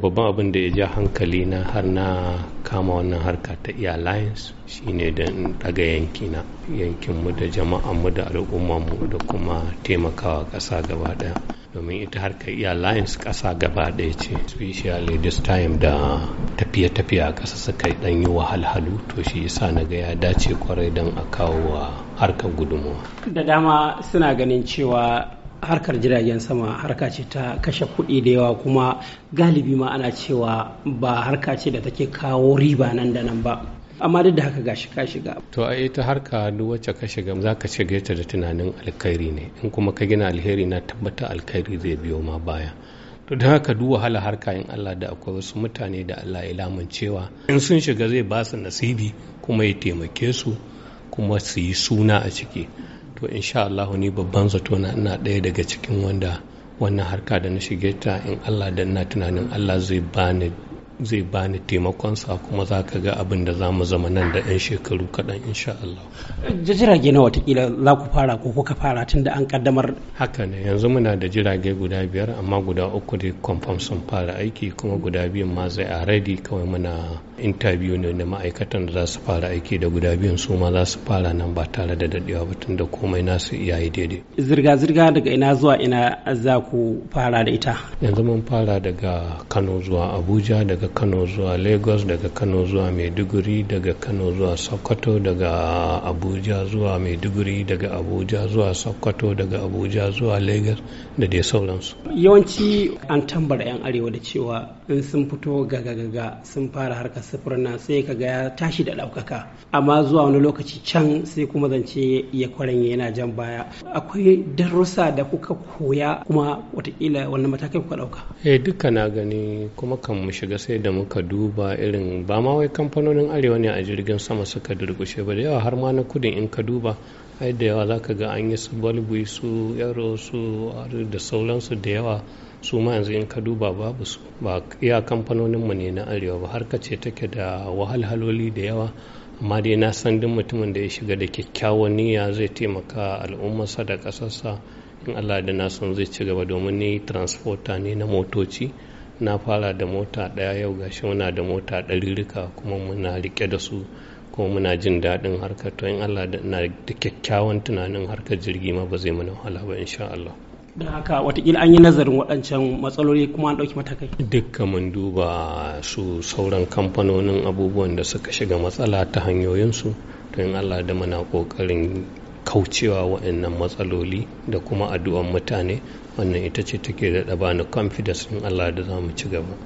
babban abin da ya ja hankali na har na kama wannan harka ta airlines shine da daga yankina yankinmu da jama'anmu da mu da kuma taimakawa ƙasa gaba ɗaya domin ita harkar lions ƙasa gaba ɗaya ce especially this time da tafiye-tafiye a ƙasa suka ɗan yi wahalhalu to shi yasa na ga ya dace kwarai don a kawo harkar gudunmuwa da dama suna ganin cewa harkar jiragen sama harka ce ta kashe kuɗi da yawa kuma galibi ma ana cewa ba harka ce da take kawo riba nan da nan ba amma duk da haka gashi ka shiga to a ita harka duk wacce ka shiga za ka shiga ta da tunanin alkhairi ne in kuma ka gina alheri na tabbata alkhairi zai biyo ma baya to da haka duk wahala harka in Allah da akwai wasu mutane da Allah ya lamuncewa in sun shiga zai ba su nasibi kuma ya taimake su kuma su yi suna a ciki to insha Allah ni babban zato na ina ɗaya daga cikin wanda wannan harka da na shige ta in Allah da ina tunanin Allah zai bani zai bani sa kuma za ka ga abin da za mu zama nan da 'yan shekaru kaɗan insha Allah. jirage na watakila za ku fara ko kuka fara tun da an kaddamar haka ne yanzu muna da jirage guda biyar amma guda uku da kwamfam sun fara aiki kuma guda biyun ma zai a ready kawai muna interview ne da ma'aikatan da za su fara aiki da guda biyun su ma za su fara nan ba tare da daɗewa ba tun da komai nasu iyaye daidai. zirga-zirga daga ina zuwa ina za ku fara da ita. yanzu mun fara daga kano zuwa abuja daga kano zuwa lagos daga kano zuwa maiduguri daga kano zuwa sokoto daga abuja zuwa maiduguri daga abuja zuwa sokoto daga abuja zuwa lagos da dai sauransu yawanci an tambara 'yan arewa da cewa in sun fito gaga-gaga sun fara harkar sufurin nan sai ka ya tashi da ɗaukaka amma zuwa wani lokaci can sai kuma zance ya kwaranye yana jan baya akwai darussa da kuka koya kuma watakila wani matakai kuka ɗauka eh duka na gani kuma kan mu shiga sai da muka duba irin ba ma wai kamfanonin arewa ne a jirgin sama suka durkushe ba da yawa har ma na kudin in ka duba ai da yawa zaka ga an yi su balbui su yaro su da sauransu da yawa su ma yanzu in ka duba babu su ba iya kamfanonin mu ne na arewa ba har kace take da wahalhaloli da yawa amma dai na san duk mutumin da ya shiga da kyakkyawan niyya zai taimaka al'ummarsa da ƙasarsa in Allah da na san zai ci gaba domin ni transporter ne na motoci na fara da mota ɗaya yau gashi muna da mota ɗaririka kuma muna rike da su kuma muna jin daɗin harkar to in Allah na da kyakkyawan tunanin harkar jirgi ma ba zai mana wahala ba insha Allah. da haka watakila an yi nazarin waɗancan matsaloli kuma an ɗauki matakai dukkan mun duba su sauran kamfanonin abubuwan da suka shiga matsala ta hanyoyinsu to in Allah da muna ƙoƙarin kaucewa waɗannan matsaloli da kuma addu'an mutane wannan ita ce take da bani confidence in Allah da za mu ci gaba